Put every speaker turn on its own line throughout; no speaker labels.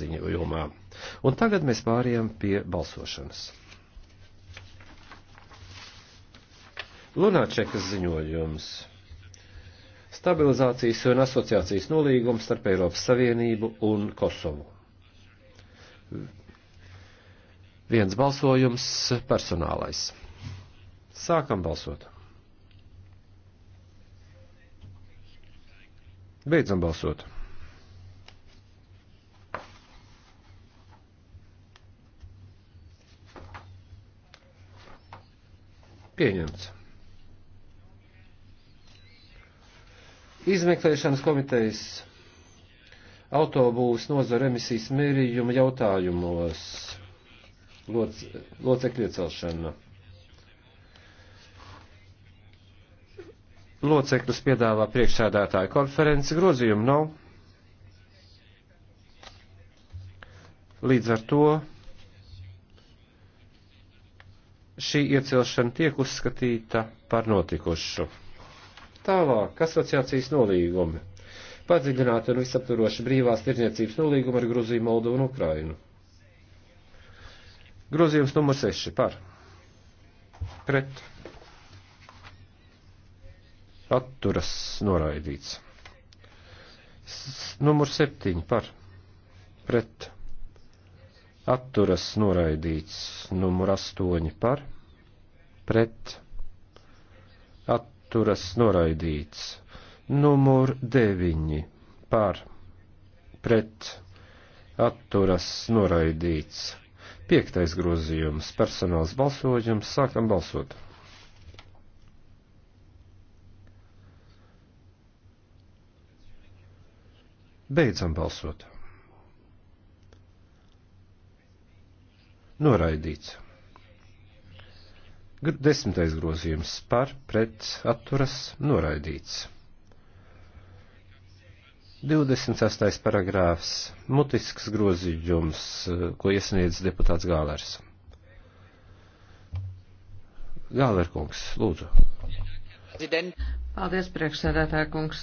ziņojumā. Un tagad mēs pārējām pie balsošanas. Lunāčekas ziņojums. Stabilizācijas un asociācijas nolīgums starp Eiropas Savienību un Kosovu. Viens balsojums personālais. Sākam balsot. Beidzam balsot. Pieņemts. Izmeklēšanas komitejas autobūvas nozara emisijas mērījuma jautājumos loc, locekļu iecelšana. Locekļus piedāvā priekšsēdētāja konferences grozījumu nav. Līdz ar to šī iecelšana tiek uzskatīta par notikušu. Tālāk, asociācijas nolīgumi. Padziļināta un visaptvaroša brīvās tirniecības nolīguma ar Gruziju, Moldovu un Ukrainu. Grozījums numur 6 par. Pret. Atturas noraidīts. S numur 7 par. Pret atturas noraidīts numur 8 par, pret, atturas noraidīts numur 9 par, pret, atturas noraidīts. Piektais grozījums - personāls balsojums. Sākam balsot! Beidzam balsot! noraidīts. Desmitais grozījums par pret atturas noraidīts. 26. paragrāfs mutisks grozījums, eh, ko iesniedz deputāts Gālers. Gālerkungs, lūdzu. Paldies, priekšsēdētāja kungs.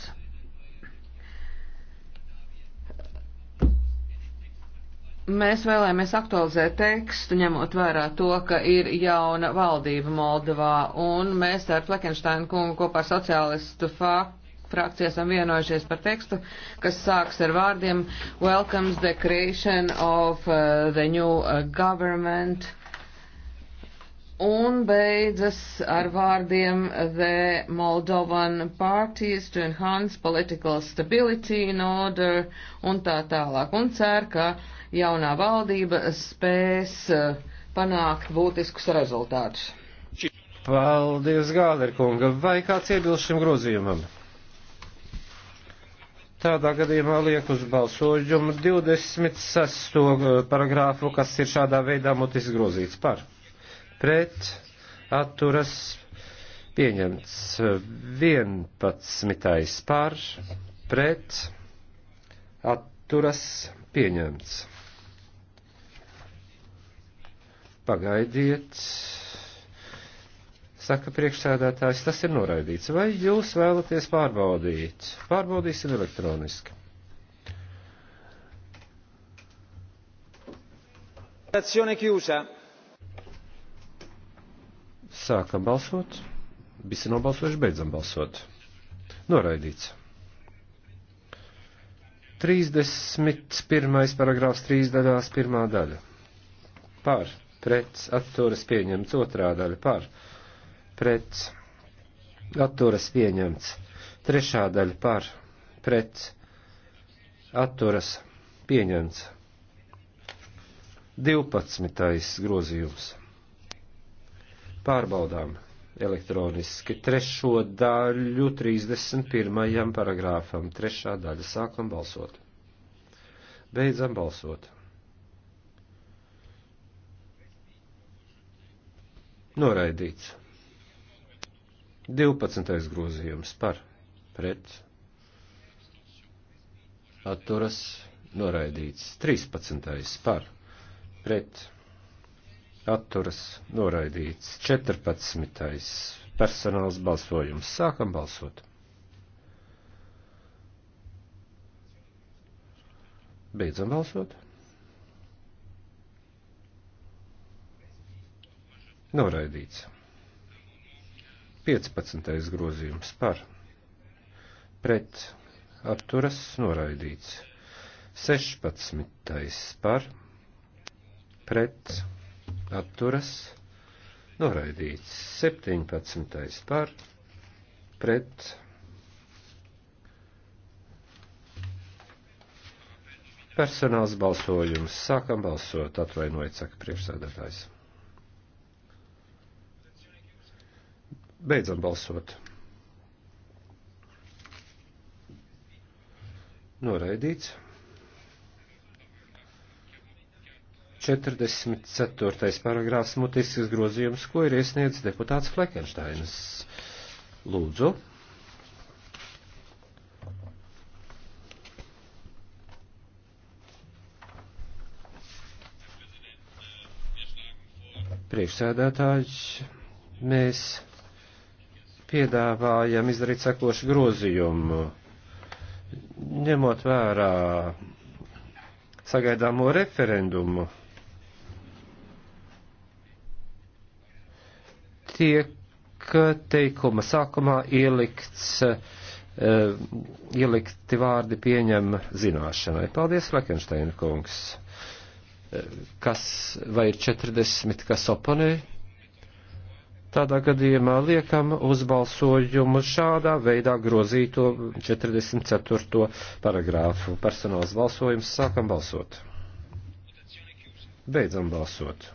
Mēs vēlējāmies aktualizēt tekstu, ņemot vērā to, ka ir jauna valdība Moldovā, un mēs ar Fleckensteinu kungu kopā ar sociālistu frakciju esam vienojušies par tekstu, kas sāks ar vārdiem Welcomes the creation of uh, the new uh, government un beidzas ar vārdiem The Moldovan parties to enhance political stability in order un tā tālāk. Un cer, ka uh, jaunā valdība spēs eh, panākt būtiskus rezultātus. Paldies, Gāderkunga. Vai kāds iebilst šim grozījumam? Tādā gadījumā liek uz balsojumu 26. Eh, paragrāfu, kas ir šādā veidā mutis grozīts par. Pret atturas pieņemts 11. par. Pret atturas pieņemts. Pagaidiet, saka priekšsēdētājs, tas ir noraidīts. Vai jūs vēlaties pārbaudīt? Pārbaudīsim elektroniski. Sākam balsot. Visi nobalsojuši, beidzam balsot. Noraidīts. 31. paragrāfs 3 daļās, 1 daļa. Pār pret atturas pieņemts otrā daļa par, pret atturas pieņemts trešā daļa par, pret atturas pieņemts 12. grozījums. Pārbaudām elektroniski trešo daļu 31. paragrāfam, trešā daļa sākam balsot. Beidzam balsot. Noraidīts. 12. grozījums par pret atturas noraidīts. 13. par pret atturas noraidīts. 14. personāls balsojums. Sākam balsot. Beidzam balsot. Noraidīts. 15. grozījums par pret atturas noraidīts. 16. par pret atturas noraidīts. 17. par pret personāls balsojums. Sākam balsot, atvainojiet, saka priekšsēdētājs. Beidzam balsot. Noraidīts. 44. paragrāfs mutisks grozījums, ko ir iesniedzis deputāts Fleckensteins. Lūdzu. Priekšsēdētāji, mēs piedāvājam izdarīt sekošu grozījumu, ņemot vērā sagaidāmo referendumu. Tiek teikuma sākumā ielikts, uh, ielikti vārdi pieņem zināšanai. Paldies, Lekensteina kungs. Eh, kas vai ir 40, kas oponē? Tādā gadījumā liekam uz balsojumu šādā veidā grozīto 44. paragrāfu. Personāls balsojums sākam balsot. Beidzam balsot.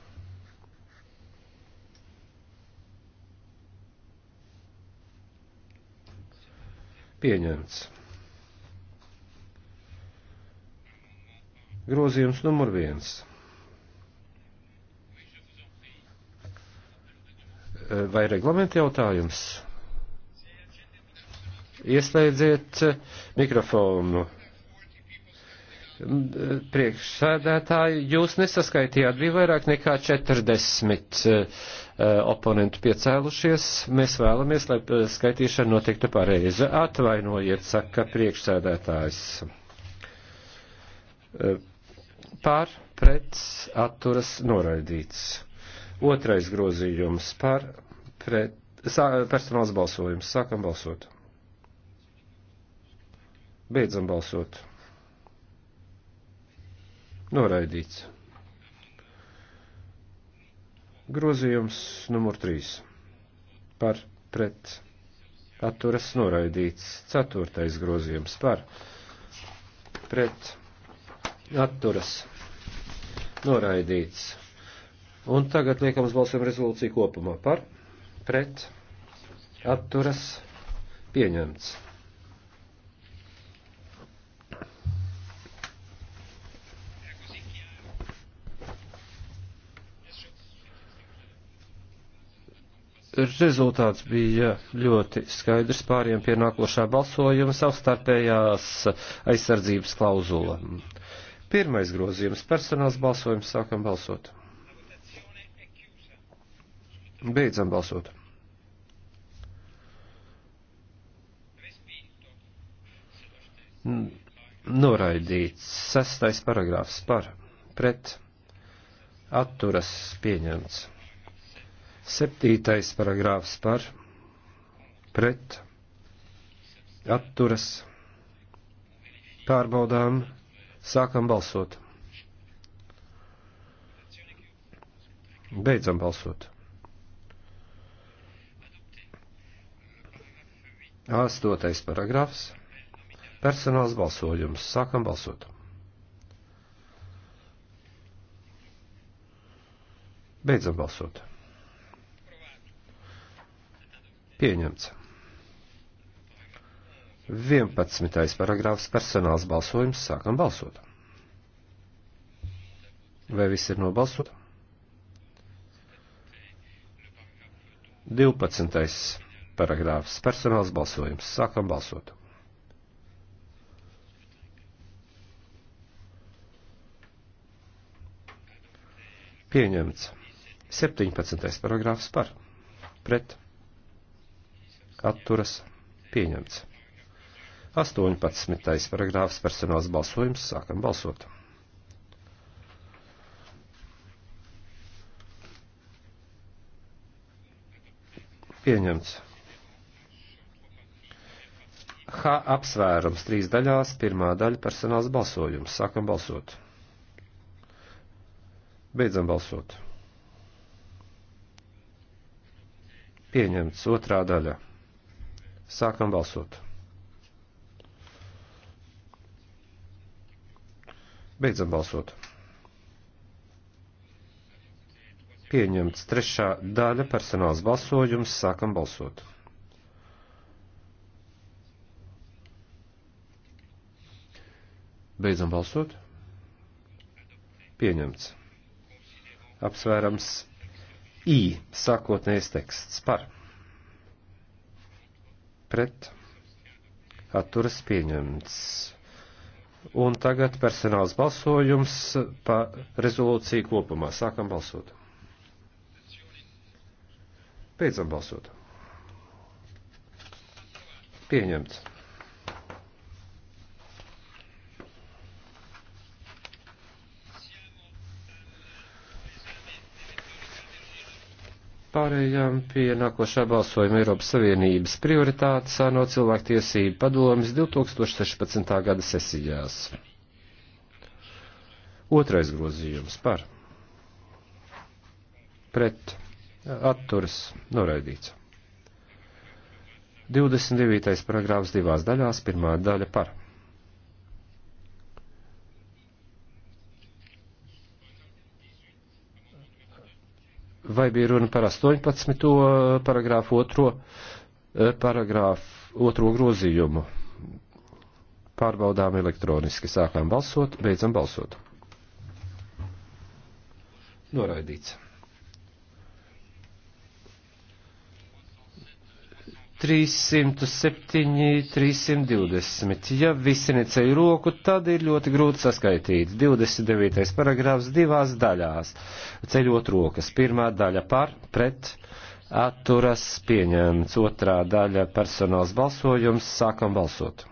Pieņemts. Grozījums numur viens. Eh, vai reglamenta jautājums? Ieslēdziet eh, mikrofonu. Mm, eh, priekšsēdētāji, jūs nesaskaitījāt, bija vairāk nekā 40 oponentu piecēlušies. Mēs vēlamies, lai skaitīšana notiktu pareizi. Atvainojiet, saka priekšsēdētājs. Pār, pret, atturas, noraidīts. Otrais grozījums par pret, sā, personāls balsojums. Sākam balsot. Beidzam balsot. Noraidīts. Grozījums numur 3. Par pret atturas noraidīts. Ceturtais grozījums par pret atturas noraidīts. Un tagad liekam uz balsiem rezolūciju kopumā par, pret, atturas, pieņemts. rezultāts bija ļoti skaidrs pāriem pie nākošā balsojuma savstarpējās aizsardzības klauzula. Pirmais grozījums - personāls balsojums, sākam balsot. Beidzam balsot. Noraidīts sestais paragrāfs par pret atturas pieņemts. Septītais paragrāfs par pret atturas pārbaudām sākam balsot. Beidzam balsot. Astotais paragrafs. Personāls balsojums. Sākam balsot. Beidzam balsot. Pieņemts. 11. paragrāfs personāls balsojums. Sākam balsot. Vai viss ir nobalsot? 12 paragrāfs. Personāls balsojums. Sākam balsot. Pieņemts. 17. paragrāfs par. Pret. Atturas. Pieņemts. 18. paragrāfs personāls balsojums. Sākam balsot. Pieņemts. H apsvērums trīs daļās, pirmā daļa personāls balsojums. Sākam balsot. Beidzam balsot. Pieņemts otrā daļa. Sākam balsot. Beidzam balsot. Pieņemts trešā daļa personāls balsojums. Sākam balsot. Beidzam balsot. Pieņemts. Apsvērams I sākotnējais teksts par. Pret. Atturas pieņemts. Un tagad personāls balsojums pa rezolūciju kopumā. Sākam balsot. Beidzam balsot. Pieņemts. Pārējām pie nākošā balsojuma Eiropas Savienības prioritātes ANO cilvēktiesību padomis 2016. gada sesijās. Otrais grozījums par pret atturas noraidīts. 29. paragrāfs divās daļās, pirmā daļa par vai bija runa par 18. Eh, paragrāfu otro, eh, paragrāfu otro grozījumu. Pārbaudām elektroniski, sākām balsot, beidzam balsot. Noraidīts. 307, 320. Ja visi neceļ roku, tad ir ļoti grūti saskaitīt. 29. paragrāfs divās daļās. Ceļot rokas. Pirmā daļa par, pret, atturas pieņemts. Otrā daļa personāls balsojums. Sākam balsot.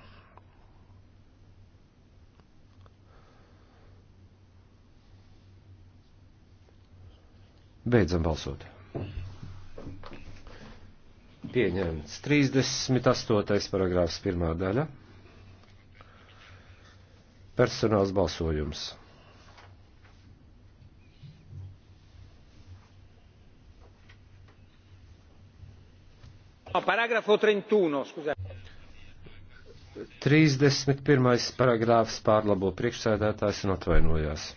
Beidzam balsot pieņemts. 38. paragrāfs pirmā daļa. Personāls balsojums. Paragrafo 31, skuzē. 31. paragrāfs pārlabo priekšsēdētājs un atvainojās.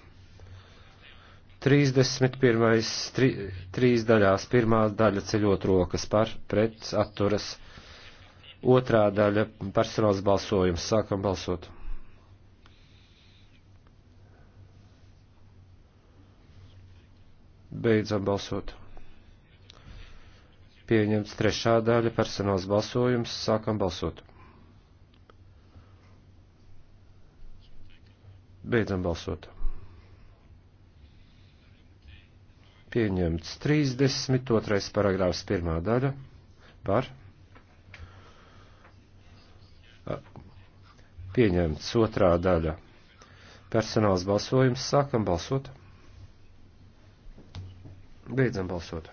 31. Tri, trīs daļās, pirmā daļa ceļot rokas par, pret, atturas, otrā daļa personāls balsojums, sākam balsot. Beidzam balsot. Pieņemts trešā daļa personāls balsojums, sākam balsot. Beidzam balsot. pieņemts 32. paragrāfs pirmā daļa par pieņemts otrā daļa. Personāls balsojums sākam balsot. Beidzam balsot.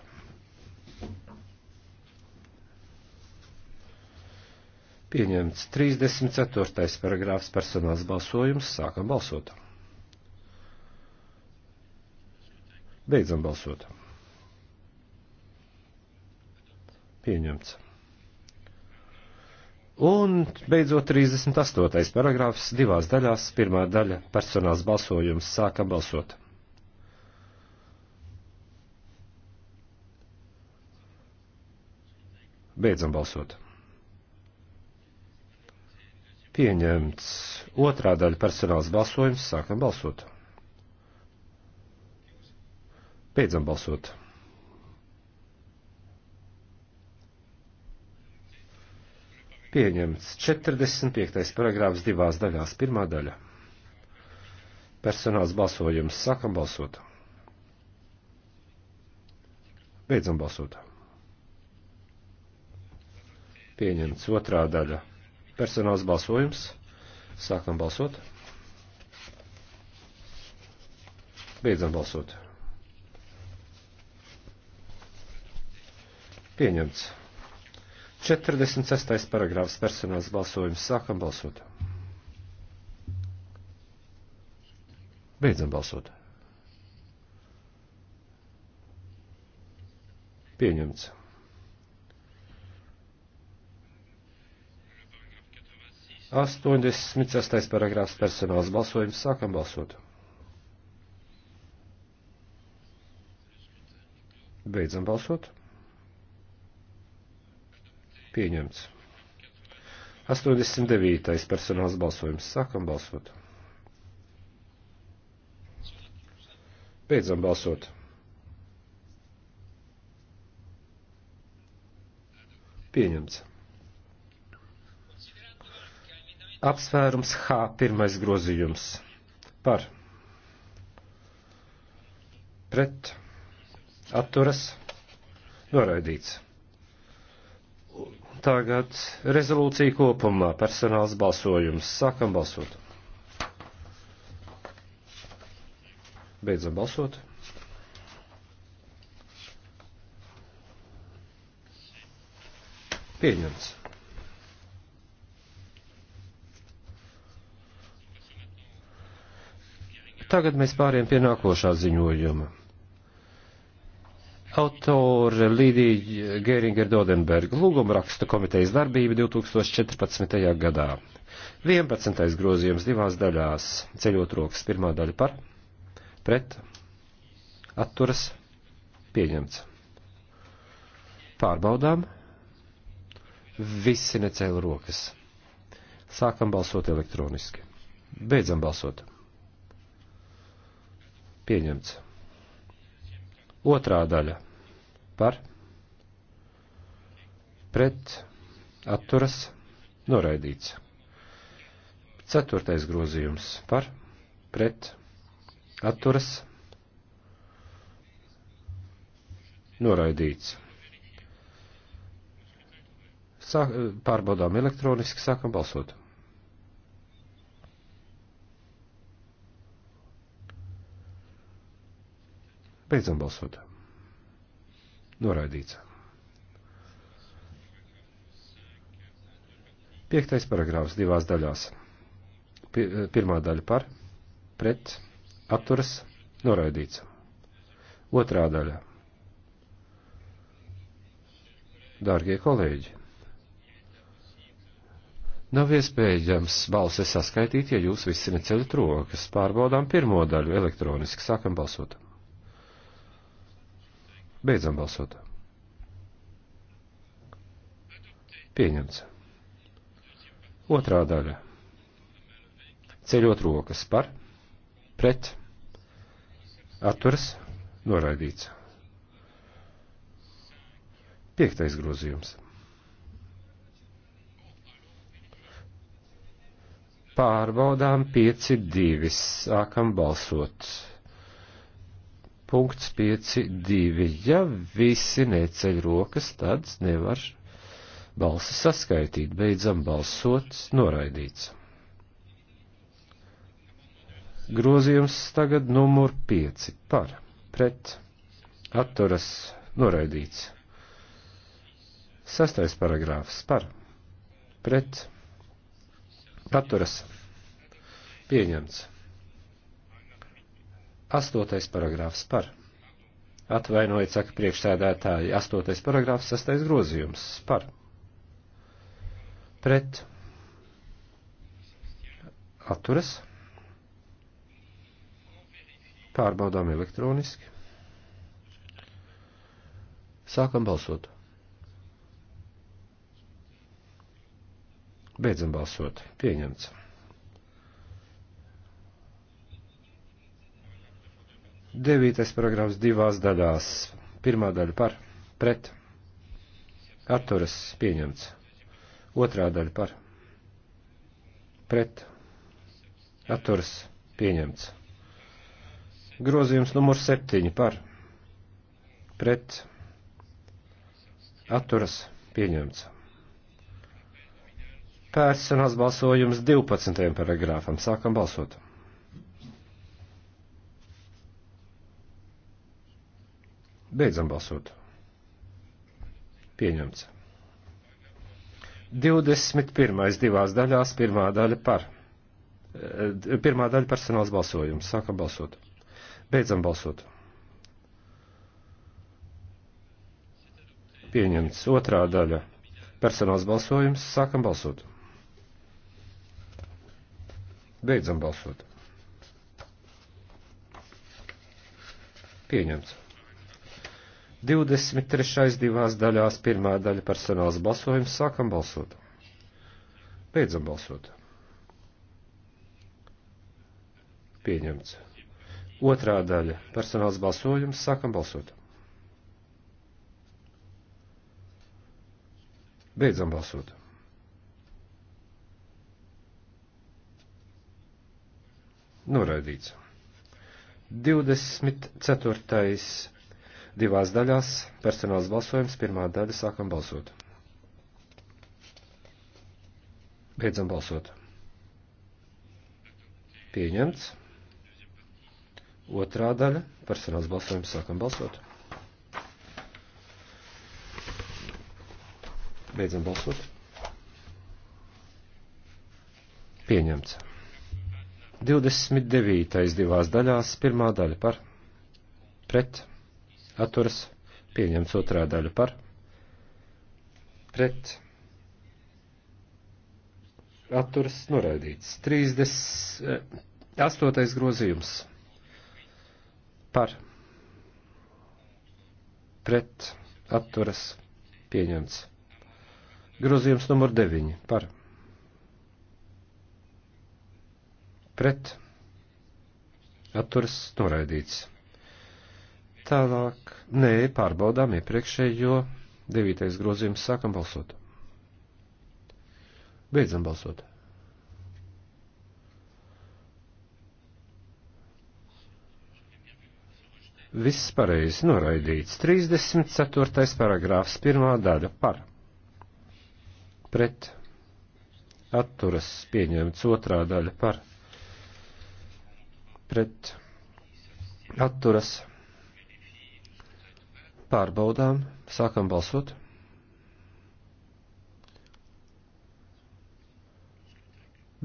Pieņemts 34. paragrāfs personāls balsojums sākam balsot. Beidzam balsot. Pieņemts. Un beidzot 38. paragrāfs divās daļās. Pirmā daļa - personāls balsojums. Sākam balsot. Beidzam balsot. Pieņemts otrā daļa personāls balsojums. Sākam balsot. Beidzam balsot. Pieņemts 45. paragrāfs divās daļās. Pirmā daļa. Personāls balsojums. Sākam balsot. Beidzam balsot. Pieņemts otrā daļa. Personāls balsojums. Sākam balsot. Beidzam balsot. Pieņemts. 46. paragrāfs personāls balsojums. Sākam balsot. Beidzam balsot. Pieņemts. Astoņdesmit sestais paragrāfs personāls balsojums. Sākam balsot. Beidzam balsot. Pieņemts. 89. personāls balsojums. Sākam balsot. Beidzam balsot. Pieņemts. Apsvērums H pirmais grozījums par pret atturas noraidīts. Tagad rezolūcija kopumā, personāls balsojums. Sākam balsot. Beidzam balsot. Pieņemts. Tagad mēs pāriem pie nākošā ziņojuma. Autori Līdija Gēringer Dodenberga lūguma raksta komitejas darbība 2014. gadā. 11. grozījums divās daļās. Ceļot rokas pirmā daļa par, pret, atturas, pieņemts. Pārbaudām. Visi necēla rokas. Sākam balsot elektroniski. Beidzam balsot. Pieņemts. Otrā daļa par pret atturas noraidīts. Ceturtais grozījums par pret atturas noraidīts. Sāk, pārbaudām elektroniski, sākam balsot. Beidzam balsot. Noraidīts. Piektais paragrāfs divās daļās. Eh, pirmā daļa par, pret, atturas, noraidīts. Otrā daļa. Dārgie kolēģi, nav iespējams balses saskaitīt, ja jūs visi neceļat rokas. Pārbaudām pirmo daļu elektroniski, sākam balsot. Beidzam balsot. Pieņemts. Otrā daļa. Ceļot rokas par, pret, atturas, noraidīts. Piektais grozījums. Pārbaudām 5-2. Sākam balsot punkts 5.2. Ja visi neceļ rokas, tad nevar balsi saskaitīt. Beidzam balsot, noraidīts. Grozījums tagad numur 5 par, pret, atturas, noraidīts. Sastais paragrāfs par, pret, atturas, pieņemts. Astotais paragrāfs par. Atvainojiet, saka priekšsēdētāji, astotais paragrāfs, sastais grozījums par. Pret. Atturas. Pārbaudām elektroniski. Sākam balsot. Beidzam balsot. Pieņemts. Devītais paragrāfs divās daļās. Pirmā daļa par, pret, atturas pieņemts. Otrā daļa par, pret, atturas pieņemts. Grozījums numur septiņi par, pret, atturas pieņemts. Personāls balsojums 12. paragrāfam. Sākam balsot. Beidzam balsot. Pieņemts. 21. divās daļās, pirmā daļa par. Eh, pirmā daļa personāls balsojums. Sākam balsot. Beidzam balsot. Pieņemts. Otrā daļa. Personāls balsojums. Sākam balsot. Beidzam balsot. Pieņemts. 23. divās daļās, pirmā daļa personāls balsojums, sākam balsot. Beidzam balsot. Pieņemts. Otrā daļa personāls balsojums, sākam balsot. Beidzam balsot. Noraidīts. 24 divās daļās. Personāls balsojums, pirmā daļa, sākam balsot. Beidzam balsot. Pieņemts. Otrā daļa, personāls balsojums, sākam balsot. Beidzam balsot. Pieņemts. 29. divās daļās, pirmā daļa par pret atturas pieņemts otrā daļa par pret atturas noraidīts. 38. Eh, grozījums par pret atturas pieņemts. Grozījums numur 9 par pret atturas noraidīts. Tālāk, nē, pārbaudām iepriekšējo devītais grozījums, sākam balsot. Beidzam balsot. Viss pareizi noraidīts. 34. paragrāfs, pirmā daļa par. Pret. Atturas pieņemts otrā daļa par. Pret. Atturas Pārbaudām, sākam balsot.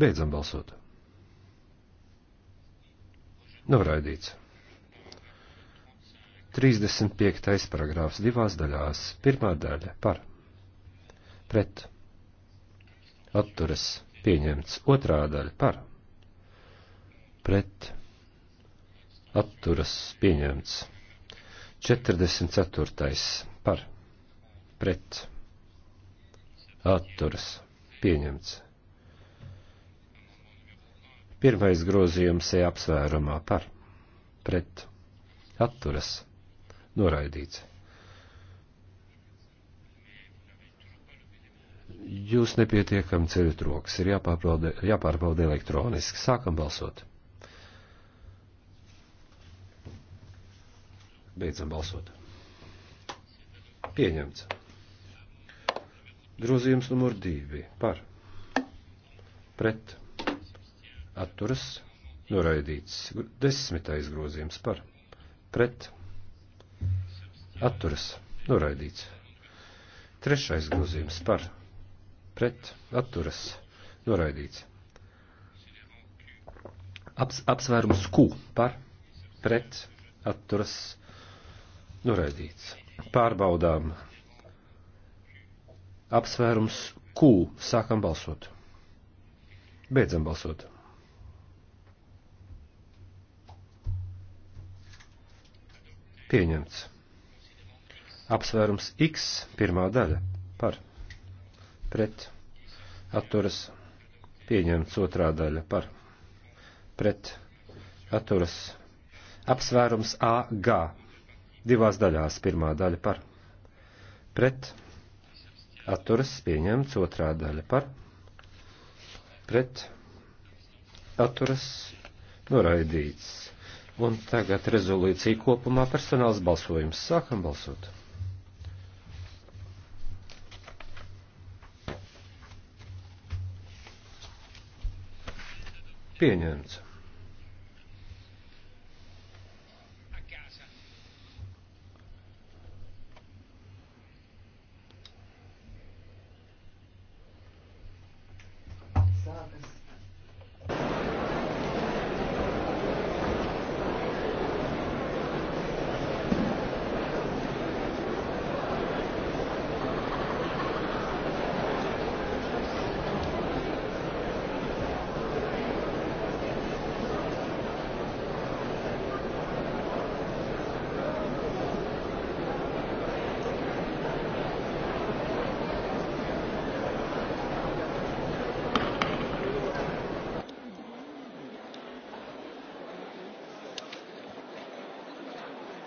Beidzam balsot. Noraidīts. 35. paragrāfs divās daļās. Pirmā daļa par. Pret. Atturas. Pieņemts. Otrā daļa par. Pret. Atturas. Pieņemts. 44. par pret atturas pieņemts. Pirmais grozījums E apsvērumā par pret atturas noraidīts. Jūs nepietiekam ceļu troks, ir jāpārbauda, jāpārbauda elektroniski. Sākam balsot! Beidzam balsot. Pieņemts. Grozījums numur divi. Par. Pret. Atturas. Noraidīts. Desmitais grozījums. Par. Pret. Atturas. Noraidīts. Trešais grozījums. Par. Pret. Atturas. Noraidīts. Aps, apsvērums Q par. Pret. Atturas. Noraidīts Noraidīts. Pārbaudām. Apsvērums Q. Sākam balsot. Beidzam balsot. Pieņemts. Apsvērums X. Pirmā daļa. Par. Pret. Atturas. Pieņemts otrā daļa. Par. Pret. Atturas. Apsvērums AG divās daļās. Pirmā daļa par pret atturas pieņemts, otrā daļa par pret atturas noraidīts. Un tagad rezolūcija kopumā personāls balsojums. Sākam balsot. Pieņemts.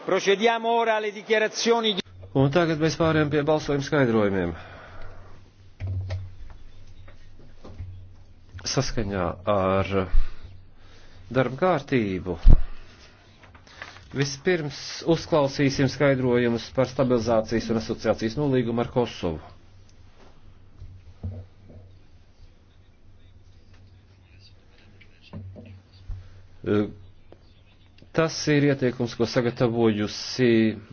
Procediamo ora alle dichiarazioni di... Un tagad mēs pārējām pie balsojuma skaidrojumiem. Saskaņā ar darba kārtību vispirms uzklausīsim skaidrojumus par stabilizācijas un asociācijas nolīgumu ar Kosovu. Uh, Tas ir ieteikums, ko sagatavojusi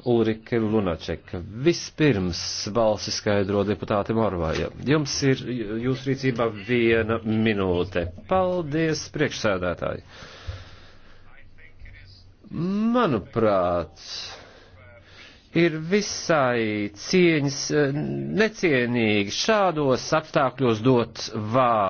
Ulrike Lunačeka. Vispirms balsi skaidro deputāte Morvāja. Jums ir jūsu rīcībā viena minūte. Paldies, priekšsēdētāji. Manuprāt, ir visai cieņas, necienīgi šādos apstākļos dot vārdu.